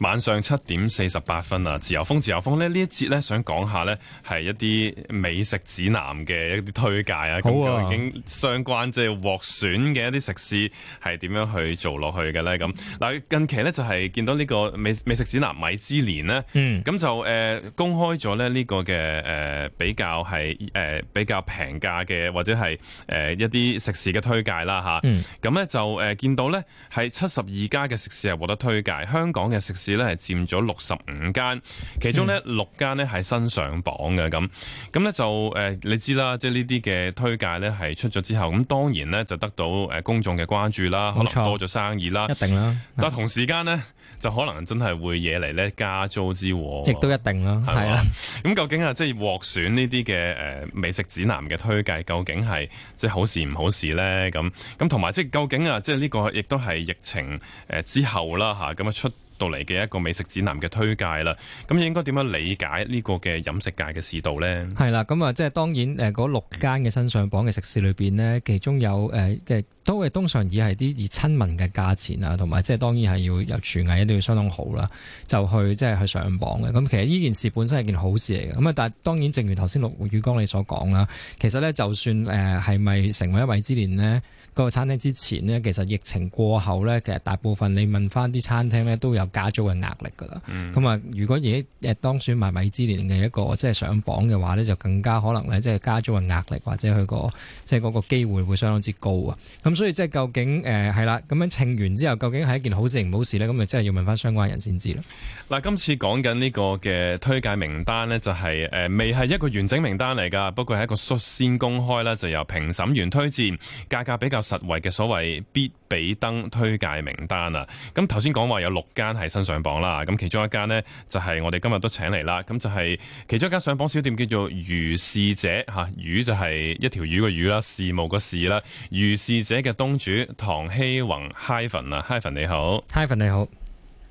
晚上七點四十八分啊！自由風，自由風咧，呢一節咧想講下咧，係一啲美食指南嘅一啲推介啊，咁究竟相關即係獲選嘅一啲食肆係點樣去做落去嘅咧？咁嗱，近期咧就係見到呢個美美食指南米芝蓮咧，咁、嗯、就誒公開咗咧呢個嘅誒比較係誒比較平價嘅或者係誒一啲食肆嘅推介啦嚇，咁咧、嗯、就誒見到咧係七十二家嘅食肆係獲得推介，香港嘅食肆。咧係佔咗六十五間，其中呢六間咧係新上榜嘅。咁，咁咧、嗯、就誒你知啦，即係呢啲嘅推介咧係出咗之後，咁當然咧就得到誒公眾嘅關注啦，錯可能多咗生意啦，一定啦。但係同時間呢，嗯、就可能真係會惹嚟咧加租之禍，亦都一定啦，係啦吧。咁 究竟啊，即係獲選呢啲嘅誒美食指南嘅推介，究竟係即係好事唔好事咧？咁咁同埋即係究竟啊，即係呢個亦都係疫情誒之後啦嚇咁啊出到嚟嘅一個美食指南嘅推介啦，咁應該點樣理解呢個嘅飲食界嘅市道呢？係啦，咁啊，即係當然嗰六間嘅新上榜嘅食肆裏面呢，其中有誒嘅、呃、都係通常以係啲以親民嘅價錢啊，同埋即係當然係要有廚藝一定要相當好啦，就去即係去上榜嘅。咁其實呢件事本身係件好事嚟嘅。咁啊，但係當然正如頭先陸宇光你所講啦，其實呢就算係咪成為一位之年呢，個餐廳之前呢，其實疫情過後呢，其實大部分你問翻啲餐廳呢都有。加租嘅壓力噶啦，咁啊、嗯，如果而家誒當選埋米芝蓮嘅一個即係上榜嘅話咧，就更加可能咧，即係加租嘅壓力或者佢、嗰個即係嗰個機會會相當之高啊！咁所以即係究竟誒係、呃、啦，咁樣稱完之後，究竟係一件好事定唔好事咧？咁啊，即係要問翻相關人先知啦。嗱、啊，今次講緊呢個嘅推介名單呢、就係，就係誒未係一個完整名單嚟噶，不過係一個率先公開啦，就由評審員推薦價格比較實惠嘅所謂必比登推介名單啊。咁頭先講話有六間。係新上榜啦，咁其中一間咧就係我哋今日都請嚟啦，咁就係、是，其中一間上榜小店叫做魚事者吓，魚就係一條魚嘅魚啦，事務個事啦，魚事者嘅東主唐熙宏 Hyvan 啊，Hyvan 你好，Hyvan 你好。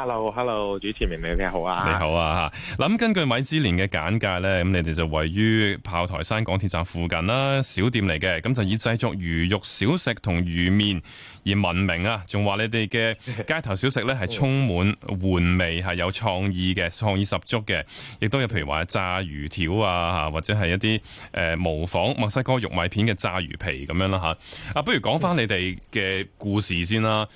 hello hello，主持明你哋好啊，你好啊吓。咁根據米芝蓮嘅簡介呢，咁你哋就位於炮台山港鐵站附近啦，小店嚟嘅，咁就以製作魚肉小食同魚麵而聞名啊。仲話你哋嘅街頭小食呢係充滿玩味，係有創意嘅，創意十足嘅，亦都有譬如話炸魚條啊，或者係一啲誒、呃、模仿墨西哥玉米片嘅炸魚皮咁樣啦吓。啊，不如講翻你哋嘅故事先啦。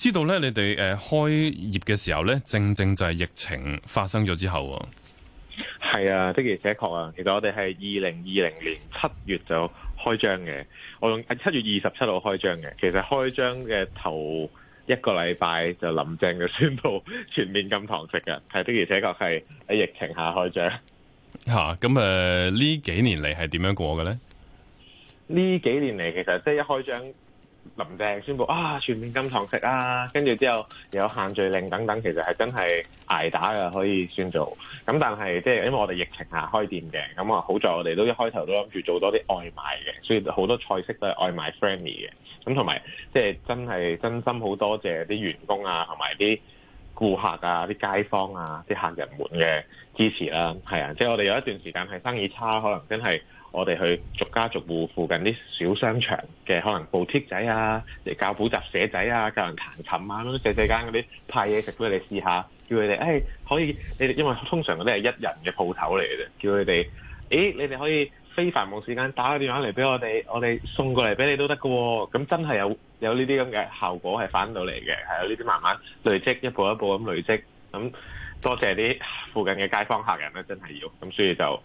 知道咧，你哋誒開業嘅時候咧，正正就係疫情發生咗之後。係啊，的而且確啊，其實我哋係二零二零年七月就開張嘅，我用喺七月二十七號開張嘅。其實開張嘅頭一個禮拜就林鄭就宣布全面禁堂食嘅，係的而且確係喺疫情下開張。吓、啊，咁誒呢幾年嚟係點樣過嘅咧？呢幾年嚟，其實即係一開張。林鄭宣布啊，全面禁堂食啊，跟住之後有限聚令等等，其實係真係挨打嘅，可以算做。咁但係即係因為我哋疫情下開店嘅，咁啊好在我哋都一開頭都諗住做多啲外賣嘅，所以好多菜式都係外賣 friendly 嘅。咁同埋即係真係真心好多謝啲員工啊，同埋啲顧客啊、啲街坊啊、啲客人們嘅支持啦。係啊，即係我哋有一段時間係生意差，可能真係。我哋去逐家逐戶附近啲小商場嘅，可能布貼仔啊，嚟教補習社仔啊，教人彈琴啊，咁細細間嗰啲派嘢食俾你試下，叫佢哋，誒、哎、可以你哋，因為通常嗰啲係一人嘅鋪頭嚟嘅，叫佢哋，誒、哎、你哋可以非繁忙時間打個電話嚟俾我哋，我哋送過嚟俾你都得㗎喎。咁真係有有呢啲咁嘅效果係反到嚟嘅，係有呢啲慢慢累積，一步一步咁累積。咁多謝啲附近嘅街坊客人咧，真係要咁，所以就。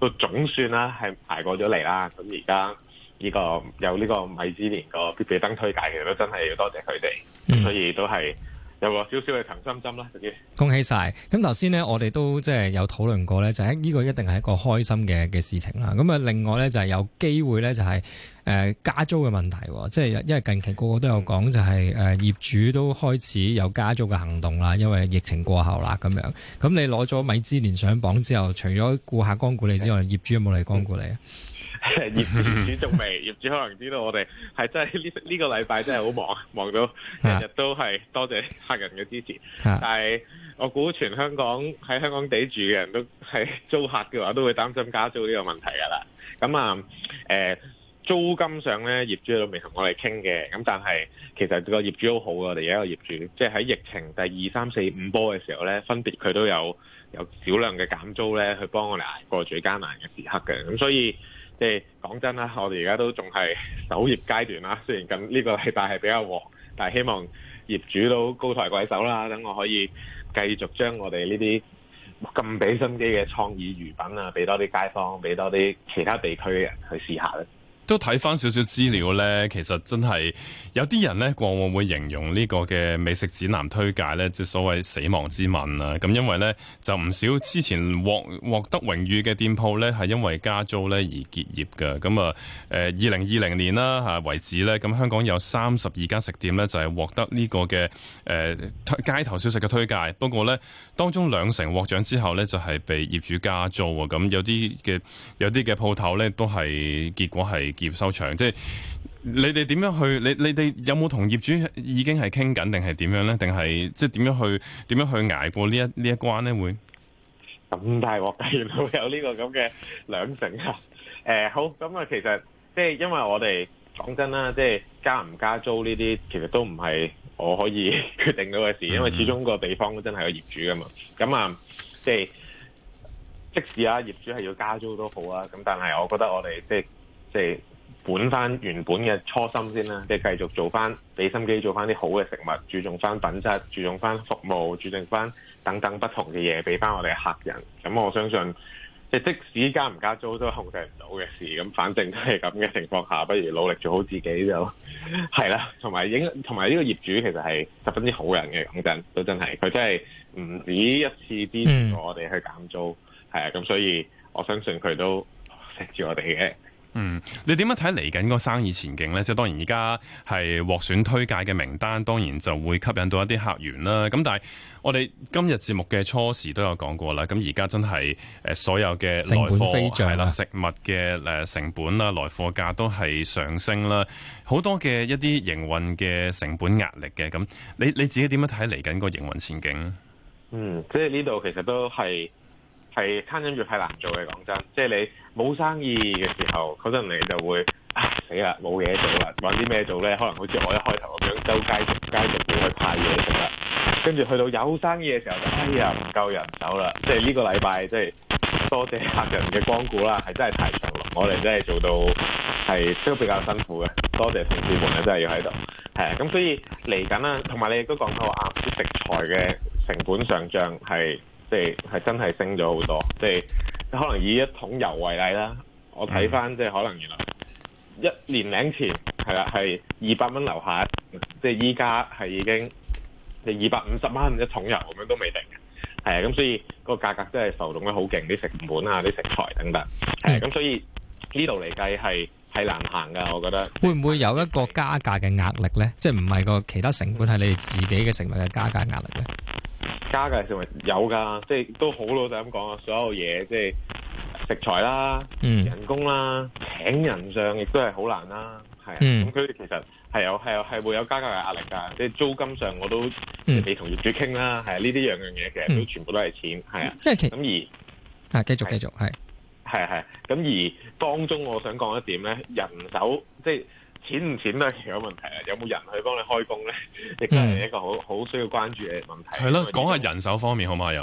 都總算啦，係排過咗嚟啦。咁而家呢個有呢個米芝蓮個必比登推介，其實都真係要多謝佢哋。所以都係。有，有少少嘅藤心針啦，恭喜晒！咁頭先呢，我哋都即係有討論過呢，就係呢個一定係一個開心嘅嘅事情啦。咁啊，另外呢，就係有機會呢，就係誒加租嘅問題，即係因為近期個個都有講，就係誒業主都開始有加租嘅行動啦。因為疫情過後啦，咁樣，咁你攞咗米芝蓮上榜之後，除咗顧客光顧你之外，業主有冇嚟光顧你？嗯業 業主仲未，業主可能知道我哋係真係呢呢個禮拜真係好忙，忙到日日都係多謝客人嘅支持。但係我估全香港喺香港地住嘅人都係租客嘅話，都會擔心加租呢個問題噶啦。咁啊，誒、呃、租金上咧業主都未同我哋傾嘅。咁但係其實個業主好好嘅，我哋而家個業主，即係喺疫情第二三四五波嘅時候咧，分別佢都有有少量嘅減租咧，去幫我哋捱過最艱難嘅時刻嘅。咁所以。即係講真啦，我哋而家都仲係守業階段啦。雖然近呢個禮拜係比較旺，但係希望業主都高抬貴手啦，等我可以繼續將我哋呢啲咁俾心機嘅創意魚品啊，俾多啲街坊，俾多啲其他地區嘅人去試下啦。都睇翻少少資料呢，其實真係有啲人呢，過往會形容呢個嘅美食指南推介呢，即、就是、所謂死亡之吻啊！咁因為呢，就唔少之前獲獲得榮譽嘅店鋪呢，係因為加租呢而結業嘅。咁啊，誒二零二零年啦嚇為止呢，咁香港有三十二間食店呢，就係獲得呢、這個嘅誒、呃、街頭小食嘅推介。不過呢，當中兩成獲獎之後呢，就係被業主加租啊！咁有啲嘅有啲嘅鋪頭呢，都係結果係業收場，即係你哋點樣去？你你哋有冇同業主已經係傾緊，定係點樣呢？定係即係點樣去點樣去挨過呢一呢一關咧？會咁大鑊，竟然有呢、呢個咁嘅兩成啊！誒、欸，好，咁啊，其實即係因為我哋講真啦，即係加唔加租呢啲，其實都唔係我可以決定到嘅事，嗯嗯因為始終個地方真係個業主噶嘛。咁啊，即係即使啊業主係要加租都好啊，咁但係我覺得我哋即係即係。本翻原本嘅初心先啦，即係繼續做翻，俾心機做翻啲好嘅食物，注重翻品質，注重翻服務，注重翻等等不同嘅嘢，俾翻我哋客人。咁我相信，即即使加唔加租都控制唔到嘅事。咁反正都係咁嘅情況下，不如努力做好自己就係啦。同 埋影，同埋呢個業主其實係十分之好人嘅，講真都真係，佢真係唔止一次啲我哋去減租，係啊、嗯。咁所以我相信佢都錫住、哦、我哋嘅。嗯，你點樣睇嚟緊個生意前景呢？即係當然而家係獲選推介嘅名單，當然就會吸引到一啲客源啦。咁但係我哋今日節目嘅初時都有講過啦。咁而家真係誒，所有嘅來貨，成本飛漲啊，對啦，食物嘅誒成本啦，來貨價都係上升啦，好多嘅一啲營運嘅成本壓力嘅。咁你你自己點樣睇嚟緊個營運前景？嗯，即係呢度其實都係。係餐飲業係難做嘅，講真，即係你冇生意嘅時候，可能你就會啊死啦，冇嘢做啦，搵啲咩做咧？可能好似我一開頭咁樣周街、周街地去派嘢食啦，跟住去到有生意嘅時候，就：「哎呀唔夠人手啦，即係呢個禮拜即係多謝客人嘅光顧啦，係真係太辛苦，我哋真係做到係都比較辛苦嘅，多謝同事們咧，真係要喺度係啊，咁所以嚟緊啦，同埋你亦都講到啊食材嘅成本上漲係。即係真係升咗好多，即係可能以一桶油為例啦。我睇翻即係可能原來一年零前係啦，係二百蚊樓下，即係依家係已經你二百五十蚊一桶油咁樣都未定嘅。係咁所以個價格真係浮動得好勁，啲成本啊，啲食材等等。係啊，咁所以呢度嚟計係係難行噶，我覺得。會唔會有一個加價嘅壓力呢？即係唔係個其他成本，係你哋自己嘅成本嘅加價壓力呢？加價成日有噶，即係都好老實咁講啊！所有嘢即係食材啦、嗯、人工啦、請人上亦都係好難啦，咁佢、嗯、其實係有係有係會有加價嘅壓力㗎，即係租金上我都未同業主傾啦，係啊、嗯，呢啲樣樣嘢、嗯、其實都全部都係錢，係啊。咁而啊，繼續繼續、咁而當中，我想講一點咧，人手即係錢唔錢咧，其實有問題啊！有冇人去幫你開工咧，亦都係一個好好需要關注嘅問題。係啦、嗯，講下、就是、人手方面好冇？又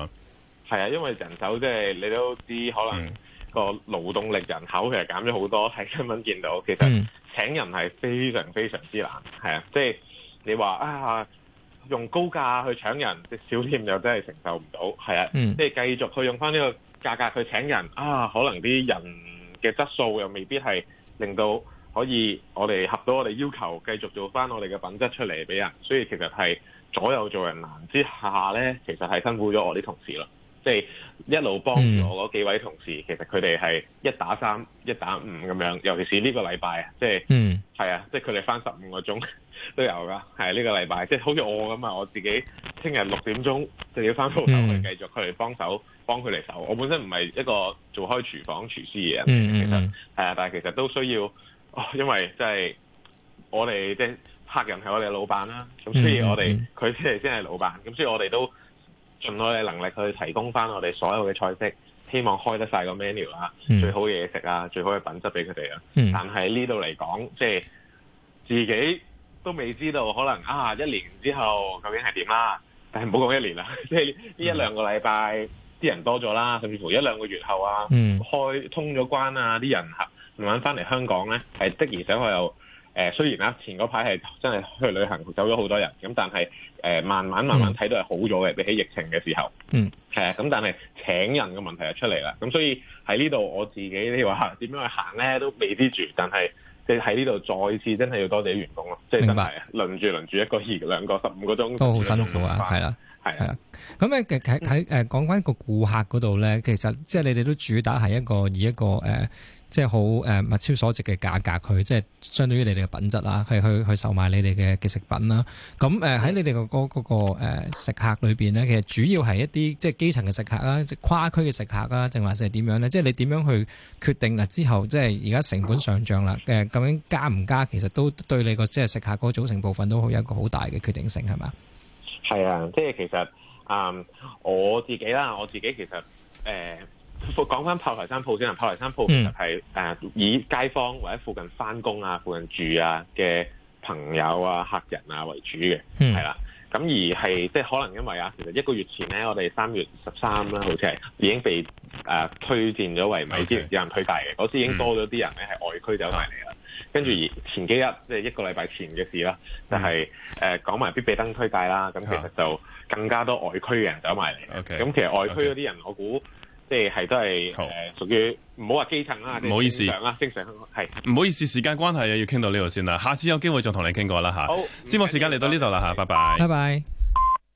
係啊，因為人手即、就、係、是、你都知，可能個勞動力人口其實減咗好多，係根本見到。其實請人係非常非常之難，係啊，即係你話啊，用高價去搶人，即小店又真係承受唔到，係啊，即係繼續去用翻呢個價格去請人啊，可能啲人嘅質素又未必係令到。可以，我哋合到我哋要求，繼續做翻我哋嘅品質出嚟俾人。所以其實係左右做人難之下咧，其實係辛苦咗我啲同事咯。即係一路幫住我嗰幾位同事，嗯、其實佢哋係一打三、一打五咁樣。尤其是呢個禮拜、即係嗯、啊，即係啊，即係佢哋翻十五個鐘都有噶。係啊，呢個禮拜，即係好似我咁啊，我自己聽日六點鐘就要翻鋪頭去、嗯、繼續佢哋幫手幫佢哋手。我本身唔係一個做開廚房廚師嘅人，嗯、其實係啊，但係其實都需要。因為即係我哋即係客人係我哋嘅老闆啦，咁所以我哋佢即係先係老闆，咁所以我哋都盡我哋能力去提供翻我哋所有嘅菜式，希望開得曬個 menu 啦、嗯，最好嘢食啊，最好嘅品質俾佢哋啊。嗯、但係呢度嚟講，即係自己都未知道，可能啊一年之後究竟係點啦？但係唔好講一年啦，即係呢一兩個禮拜啲人多咗啦，甚至乎一兩個月後啊，嗯、開通咗關啊，啲人慢慢翻嚟香港咧，係的而且確又誒，雖然啦，前嗰排係真係去旅行走咗好多人，咁但係慢慢慢慢睇到係好咗嘅，嗯、比起疫情嘅時候，嗯，啊，咁但係請人嘅問題就出嚟啦，咁所以喺呢度我自己你話點樣去行咧都未必住，但係你喺呢度再次真係要多謝啲員工咯，即係明白啊，輪住輪住一個二兩個十五個鐘都好辛苦啊，係啦，係啦咁咧其實喺誒講翻個顧客嗰度咧，其實即係你哋都主打係一個以一個、呃即係好誒物超所值嘅價格，佢即係相對於你哋嘅品質啦，係去去售賣你哋嘅嘅食品啦。咁誒喺你哋、嗰個嗰嗰、嗰個食客裏邊咧，其實主要係一啲即係基層嘅食客啦，跨區嘅食客啦，定還是係點樣咧？即係你點樣去決定嗱？之後即係而家成本上漲啦，誒究竟加唔加，其實都對你個即係食客嗰個組成部分都有一個好大嘅決定性係咪？係啊，即係其實嗯我自己啦，我自己其實誒。呃講翻炮台山鋪先啦，炮台山鋪其實係誒以街坊或者附近翻工啊、附近住啊嘅朋友啊、客人啊為主嘅，係啦。咁而係即係可能因為啊，其實一個月前咧，我哋三月十三啦，好似係已經被誒推薦咗為米芝蓮有人推介嘅，嗰時已經多咗啲人咧係外區走埋嚟啦。跟住而前幾日即係一個禮拜前嘅事啦，就係誒講埋必比登推介啦。咁其實就更加多外區嘅人走埋嚟。咁其實外區嗰啲人，我估。即係係都係誒屬於唔好話基層啦，唔好意思，正常啦，正常係唔好意思，時間關係啊，要傾到呢度先啦，下次有機會再同你傾過啦嚇。好，節目時間嚟到呢度啦嚇，拜拜，拜拜。拜拜。